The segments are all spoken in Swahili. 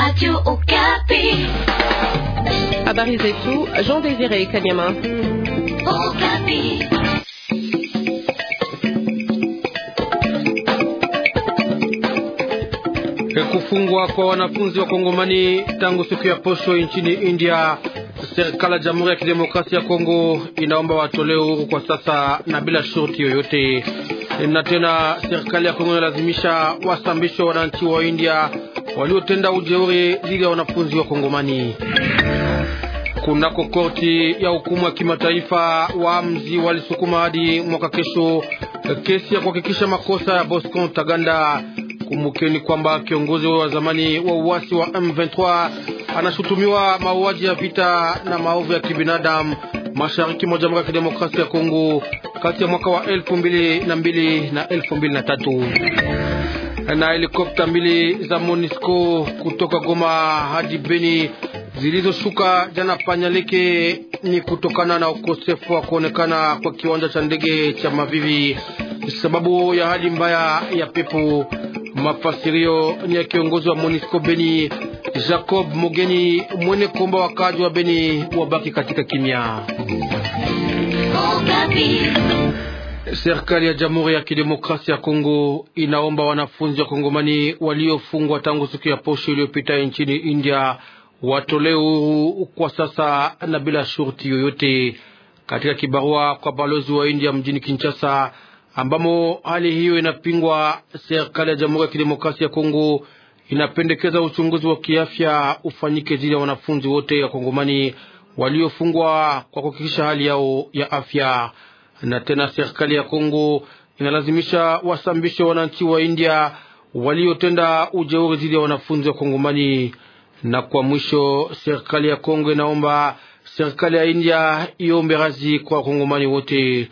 Radio Okapi. Habari zetu, Jean Désiré Kanyama. Okapi. Kufungwa kwa wanafunzi wa Kongomani tangu siku ya posho nchini India. Serikali ya Jamhuri ya Kidemokrasia ya Kongo inaomba watole huru kwa sasa na bila shurti yoyote. Na tena serikali ya Kongo inalazimisha wasambisho wananchi wa India waliotenda ujeuri dhidi ya wanafunzi wa Kongomani. Kunako korti ya hukumu ya kimataifa, waamuzi walisukuma hadi mwaka kesho kesi ya kuhakikisha makosa ya Bosco Ntaganda. Kumbukeni kwamba kiongozi wa zamani wa uasi wa M23 anashutumiwa mauaji ya vita na maovu ya kibinadamu mashariki mwa Jamhuri ya Kidemokrasia ya Kongo kati ya mwaka wa elfu mbili na mbili na elfu mbili na tatu na helikopta mbili za Monisco kutoka Goma hadi Beni zilizoshuka jana Panyalike ni kutokana na ukosefu wa kuonekana kwa kiwanja cha ndege cha Mavivi sababu ya hali mbaya ya pepo. Mafasirio ni ya kiongozi wa monisco Beni Jacob Mugeni mwene komba wakaji wa Beni wabaki katika kimya. Oh, Serikali ya Jamhuri ya Kidemokrasia ya Kongo inaomba wanafunzi wa Kongomani waliofungwa tangu siku ya posho iliyopita nchini India watolewe huru kwa sasa na bila shurti yoyote, katika kibarua kwa balozi wa India mjini Kinshasa, ambamo hali hiyo inapingwa. Serikali ya Jamhuri ya Kidemokrasia ya Kongo inapendekeza uchunguzi wa kiafya ufanyike dhidi ya wanafunzi wote wa Kongomani waliofungwa kwa kuhakikisha hali yao ya afya na tena serikali ya Kongo inalazimisha wasambishe wananchi wa India waliotenda ujeuri dhidi ya wanafunzi wa Kongomani. Na kwa mwisho, serikali ya Kongo inaomba serikali ya India iombe razi kwa kongomani wote.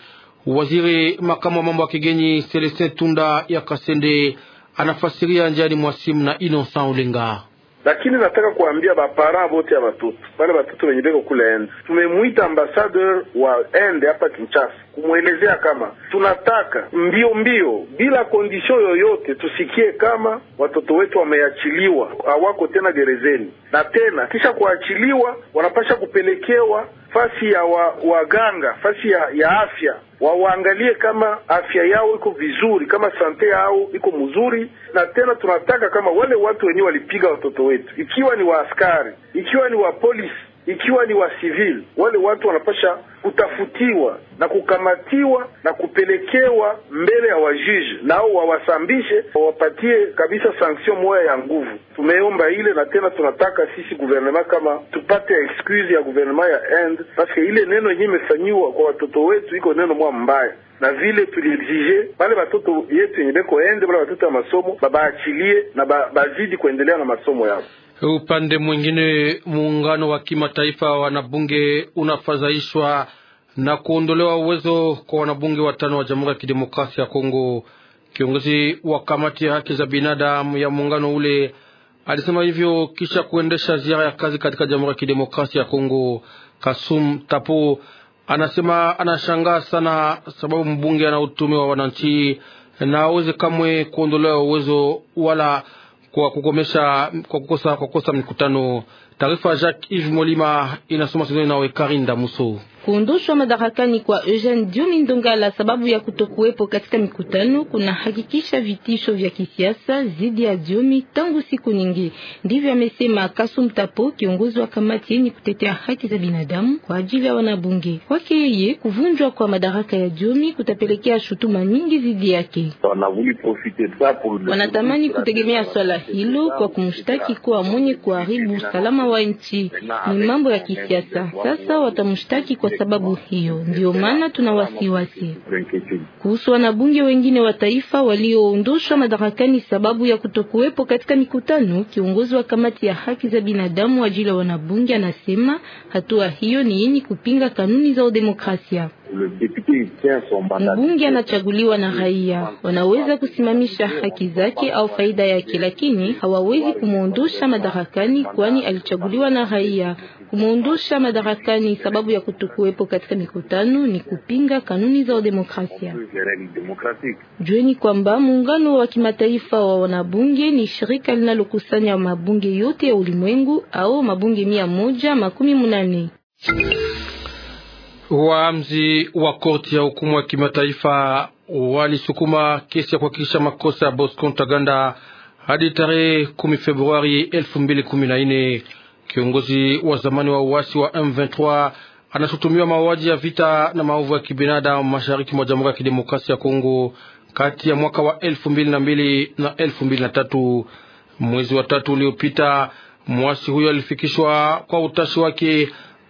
Waziri makamu wa mambo ya kigeni Celestin Tunda ya Kasende anafasiria njiani mwasimu na Innocent Ulenga lakini nataka kuambia bapara bote ya batoto wale batoto wenye beko kule Ende, tumemwita ambassador wa Ende hapa Kinshasa kumwelezea kama tunataka mbio mbio bila kondisio yoyote tusikie kama watoto wetu wameachiliwa, hawako tena gerezeni, na tena kisha kuachiliwa wanapasha kupelekewa fasi ya waganga fasi ya, ya afya wawaangalie kama afya yao iko vizuri, kama sante yao iko mzuri. Na tena tunataka kama wale watu wenyewe walipiga watoto wetu, ikiwa ni waaskari, ikiwa ni wapolisi ikiwa ni wa civil, wale watu wanapasha kutafutiwa na kukamatiwa na kupelekewa mbele ya wajiji, nao wawasambishe, wawapatie kabisa sanction moya ya nguvu. Tumeomba ile na tena tunataka sisi guvernema kama tupate excuse ya guvernema ya end paske ile neno yenyewe imefanyiwa kwa watoto wetu iko neno mwa mbaya na vile tuliexige wale watoto yetu yenye beko ende wale watoto ya masomo babaachilie na ba, bazidi kuendelea na masomo yao. Upande mwingine, muungano wa kimataifa wa wanabunge unafadhaishwa na kuondolewa uwezo kwa wanabunge watano wa Jamhuri ya Kidemokrasia ya Kongo. Kiongozi wa kamati ya haki za binadamu ya muungano ule alisema hivyo kisha kuendesha ziara ya kazi katika Jamhuri ya Kidemokrasia ya Kongo. Kasum Tapo anasema anashangaa sana sababu mbunge ana utume wa wananchi na aweze kamwe kuondolewa uwezo wala kwa kukomesha kwa kukosa, kwa kukosa mkutano Taarifa Jacques Yves Molima inasoma sezoni nawe Karinda Muso. Kuondoshwa madarakani kwa Eugene Diomi Ndongala sababu ya kutokuwepo katika mikutano kuna hakikisha vitisho vya kisiasa zidi ya Diomi tangu siku nyingi. Ndivyo amesema Kasum Tapo, kiongozi wa kamati yenye kutetea haki za binadamu kwa ajili ya wanabunge. Kwake yeye, kuvunjwa kwa madaraka ya Diomi kutapelekea shutuma nyingi zidi yake. Wanatamani kutegemea swala hilo kwa kumshtaki kuwa mwenye kuharibu usalama wa nchi. Ni mambo ya kisiasa, sasa watamshtaki kwa sababu hiyo, ndio maana tuna wasiwasi kuhusu wanabunge wengine wa taifa walioondoshwa madarakani sababu ya kutokuwepo katika mikutano. Kiongozi wa kamati ya haki za binadamu ajili ya wanabunge anasema hatua hiyo ni yenye kupinga kanuni za demokrasia. Mbunge anachaguliwa na raia, wanaweza kusimamisha haki zake au faida yake, lakini hawawezi kumwondosha madarakani, kwani alichaguliwa na raia. Kumwondosha madarakani sababu ya kutokuwepo katika mikutano ni kupinga kanuni za demokrasia. Jueni kwamba muungano wa kimataifa wa wanabunge ni shirika linalokusanya mabunge yote ya ulimwengu au mabunge mia moja makumi munane. Waamzi wa korti ya hukumu ya kimataifa walisukuma kesi ya kuhakikisha makosa ya Bosco Ntaganda hadi tarehe kumi Februari nne. Kiongozi wa zamani wa uasi wa M23 anashutumiwa mauaji ya vita na maovu ya kibinadamu mashariki mwa Jamhuri ya Kidemokrasia ya Kongo kati ya mwaka wa mbili na tatu. Mwezi wa tatu uliopita, mwasi huyo alifikishwa kwa utashi wake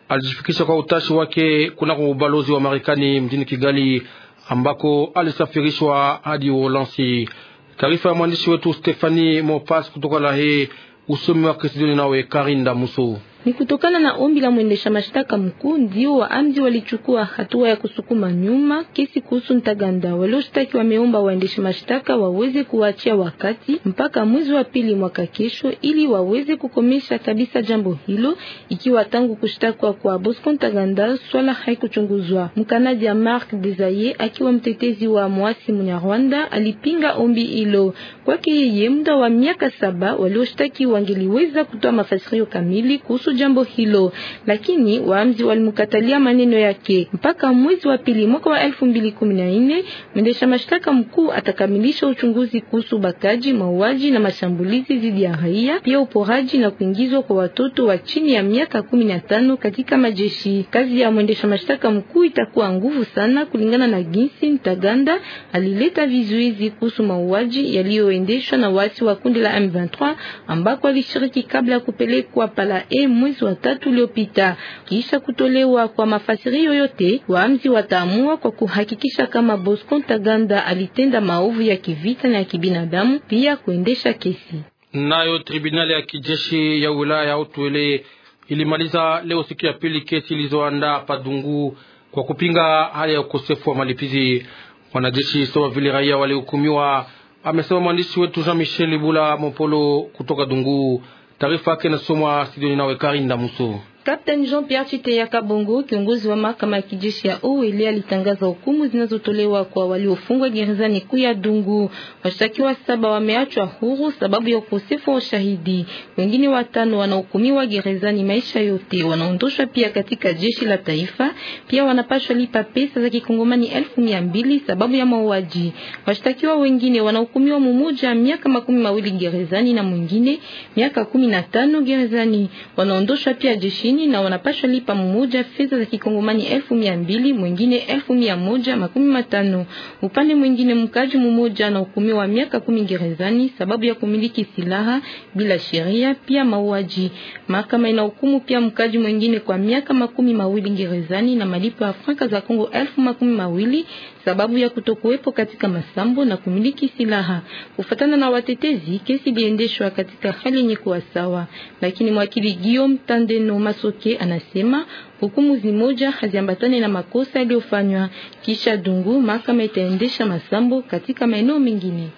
alijifikisha kwa utashi wake kunako ubalozi wa Marekani mjini Kigali, ambako alisafirishwa hadi Uholansi. Taarifa ya mwandishi wetu Stefani Mopas kutoka Lahe, usomi wa Kristioni nawe Karinda Musu. Ni kutokana na ombi la mwendesha mashtaka mkuu ndio wa amji walichukua hatua ya kusukuma nyuma kesi kuhusu Ntaganda. Walioshtaki wameomba waendesha mashtaka waweze kuachia wakati mpaka mwezi wa pili mwaka kesho, ili waweze kukomesha kabisa jambo hilo, ikiwa tangu kushtakwa kwa Bosco Ntaganda swala haikuchunguzwa. Mkanaji Marc Desaye akiwa mtetezi wa mwasi munyarwanda alipinga ombi hilo. Kwake yeye, muda wa miaka saba walioshtaki wangeliweza kutoa mafasirio kamili kuhusu kuhusu jambo hilo, lakini waamzi walimkatalia maneno yake. Mpaka mwezi wa pili mwaka wa 2014 mwendesha mashtaka mkuu atakamilisha uchunguzi kuhusu bakaji, mauaji na mashambulizi dhidi ya raia, pia uporaji na kuingizwa kwa watoto wa chini ya miaka 15 katika majeshi. Kazi ya mwendesha mashtaka mkuu itakuwa nguvu sana kulingana na ginsi Ntaganda alileta vizuizi kuhusu mauaji yaliyoendeshwa na wasi wa kundi la M23 ambako alishiriki kabla ya kupelekwa pala e mwezi wa tatu uliopita. Kisha kutolewa kwa mafasirio yote, waamzi wataamua kwa kuhakikisha kama Bosco Ntaganda alitenda maovu ya kivita na ya kibinadamu, pia kuendesha kesi. Nayo tribunali ya kijeshi ya wilaya ya Utwele ilimaliza leo siku ya pili kesi ilizoandaa Padungu kwa kupinga hali ya ukosefu wa malipizi wanajeshi sawa vile raia walihukumiwa, amesema mwandishi wetu Jean Michel Bula Mopolo kutoka Dungu. Taarifa yake inasomwa studioni nawe Karinda Muso. Kapteni Jean-Pierre Chiteya Kabongo, kiongozi wa mahakama ya kijeshi ya Oweli, alitangaza hukumu zinazotolewa kwa waliofungwa gerezani kuu ya Dungu. Washtakiwa saba wameachwa huru sababu ya ukosefu wa ushahidi, wengine watano wanahukumiwa gerezani maisha yote, wanaondoshwa pia katika jeshi la taifa. Pia wanapashwa lipa pesa za kikongomani elfu mia mbili sababu ya mauaji. Washtakiwa wengine wanahukumiwa mmoja miaka makumi mawili gerezani na mwingine miaka kumi na tano gerezani, wanaondoshwa pia jeshini kigeni na wanapashwa lipa mmoja fedha za kikongomani elfu mia mbili mwingine elfu mia moja makumi matano. Upande mwingine mkaji mmoja na hukumiwa miaka kumi gerezani sababu ya kumiliki silaha bila sheria, pia mauaji. Mahakama ina hukumu pia mkaji mwingine kwa miaka makumi mawili gerezani na malipo ya franka za Kongo elfu makumi mawili sababu ya kutokuwepo katika masambo na kumiliki silaha. Kufatana na watetezi, kesi iliendeshwa katika hali yenye kuwa sawa, lakini mwakili Guillaume Tandeno Masoke anasema hukumu zimoja haziambatani na makosa yaliyofanywa. Kisha Dungu, mahakama itaendesha masambo katika maeneo mengine.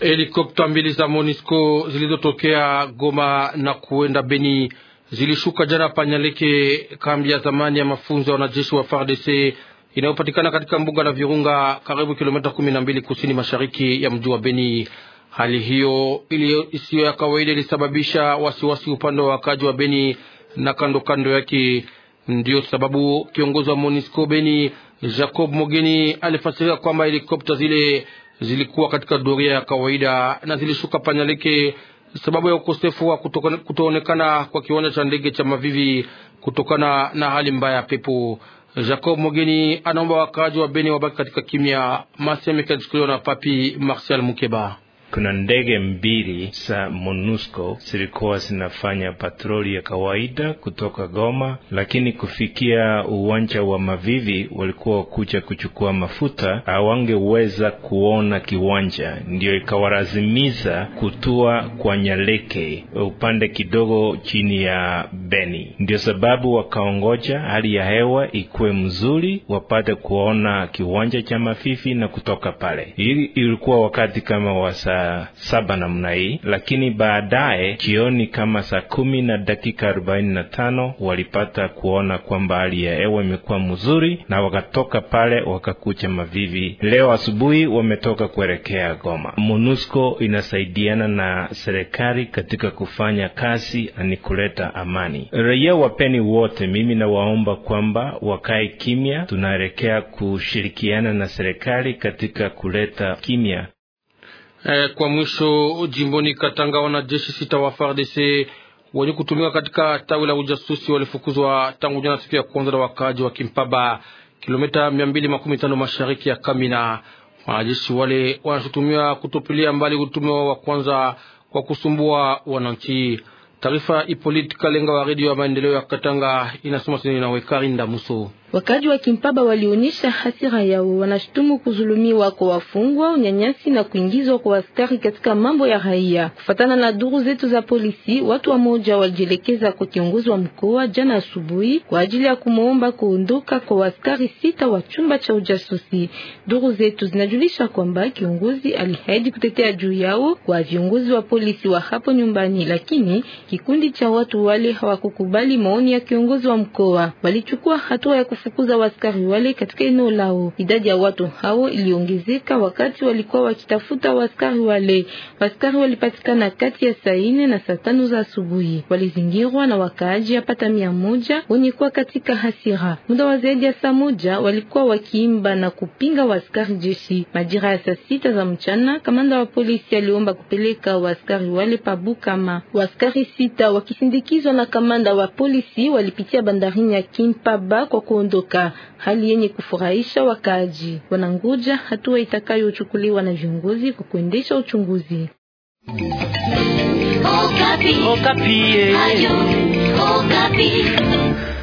Helikopta mbili za Monisco zilizotokea Goma na kuenda Beni zilishuka jana Panyaleke, kambi ya zamani ya mafunzo ya wanajeshi wa FARDC inayopatikana katika mbuga la Virunga, karibu kilomita kumi na mbili kusini mashariki ya mji wa Beni. Hali hiyo isiyo ya kawaida ilisababisha wasiwasi upande wa wakaji wa Beni na kando kando yake. Ndiyo sababu kiongozi wa MONUSCO Beni Jacob Mogeni alifasiria kwamba helikopta zile zilikuwa katika doria ya kawaida na zilishuka panyalike sababu ya ukosefu wa kutoonekana kwa kiwanja cha ndege cha Mavivi kutokana na hali mbaya ya pepo. Jacob Mogeni anaomba wakaaji wa Beni wabaki katika kimya. Maseme yalichukuliwa na Papi Martial Mukeba. Kuna ndege mbili za MONUSCO zilikuwa zinafanya patroli ya kawaida kutoka Goma, lakini kufikia uwanja wa Mavivi walikuwa kuja kuchukua mafuta, hawangeweza kuona kiwanja, ndio ikawalazimiza kutua kwa Nyaleke, upande kidogo chini ya Beni. Ndio sababu wakaongoja hali ya hewa ikuwe mzuri, wapate kuona kiwanja cha Mavivi na kutoka pale. Hii ilikuwa wakati kama wasa saa saba namna hii, lakini baadaye jioni kama saa kumi na dakika arobaini na tano walipata kuona kwamba hali ya hewa imekuwa mzuri, na wakatoka pale wakakucha Mavivi. Leo asubuhi wametoka kuelekea Goma. MONUSCO inasaidiana na serikali katika kufanya kazi ni kuleta amani. Raia wapeni wote, mimi nawaomba kwamba wakae kimya, tunaelekea kushirikiana na serikali katika kuleta kimya. Eh, kwa mwisho jimboni Katanga, wanajeshi sita wa FARDC wenye kutumika katika tawi la ujasusi walifukuzwa tangu jana siku ya kwanza na wakaaji wa Kimpaba, kilomita 215 mashariki ya Kamina. Wanajeshi wale wanashutumiwa kutupilia mbali utume wa kwanza kwa kusumbua wananchi. Taarifa Ipolite Kalenga wa redio ya maendeleo ya Katanga inasoma sini na Wekarinda Muso. Wakaji wa Kimpaba walionyesha hasira yao, wanashutumu kuzulumiwa kwa wafungwa, unyanyasi na kuingizwa kwa askari katika mambo ya raia. Kufatana na duru zetu za polisi, watu wa moja walijielekeza kwa kiongozi wa mkoa jana asubuhi kwa ajili ya kumwomba kuondoka kwa askari sita wa chumba cha ujasusi. Duru zetu zinajulisha kwamba kiongozi alihaidi kutetea juu yao kwa viongozi wa polisi wa hapo nyumbani, lakini kikundi cha watu wale hawakukubali maoni ya kiongozi wa mkoa, walichukua hatua ya kuwafukuza waskari wale katika eneo lao. Idadi ya watu hao iliongezeka wakati walikuwa wakitafuta waskari wale. Waskari walipatikana kati ya saa nne na saa tano za asubuhi, walizingirwa na wakaaji yapata mia moja wenye kuwa katika hasira. Muda wa zaidi ya saa moja walikuwa wakiimba na kupinga waskari jeshi. Majira ya saa sita za mchana, kamanda wa polisi aliomba kupeleka waskari wale Pabukama. Waskari sita wakisindikizwa na kamanda wa polisi walipitia bandarini ya Kimpaba kwa kuondi kuondoka, hali yenye kufurahisha wakaaji. wananguja hatua itakayochukuliwa na viongozi kwa kuendesha uchunguzi. Okapi. Okapi. Eh. Okapi.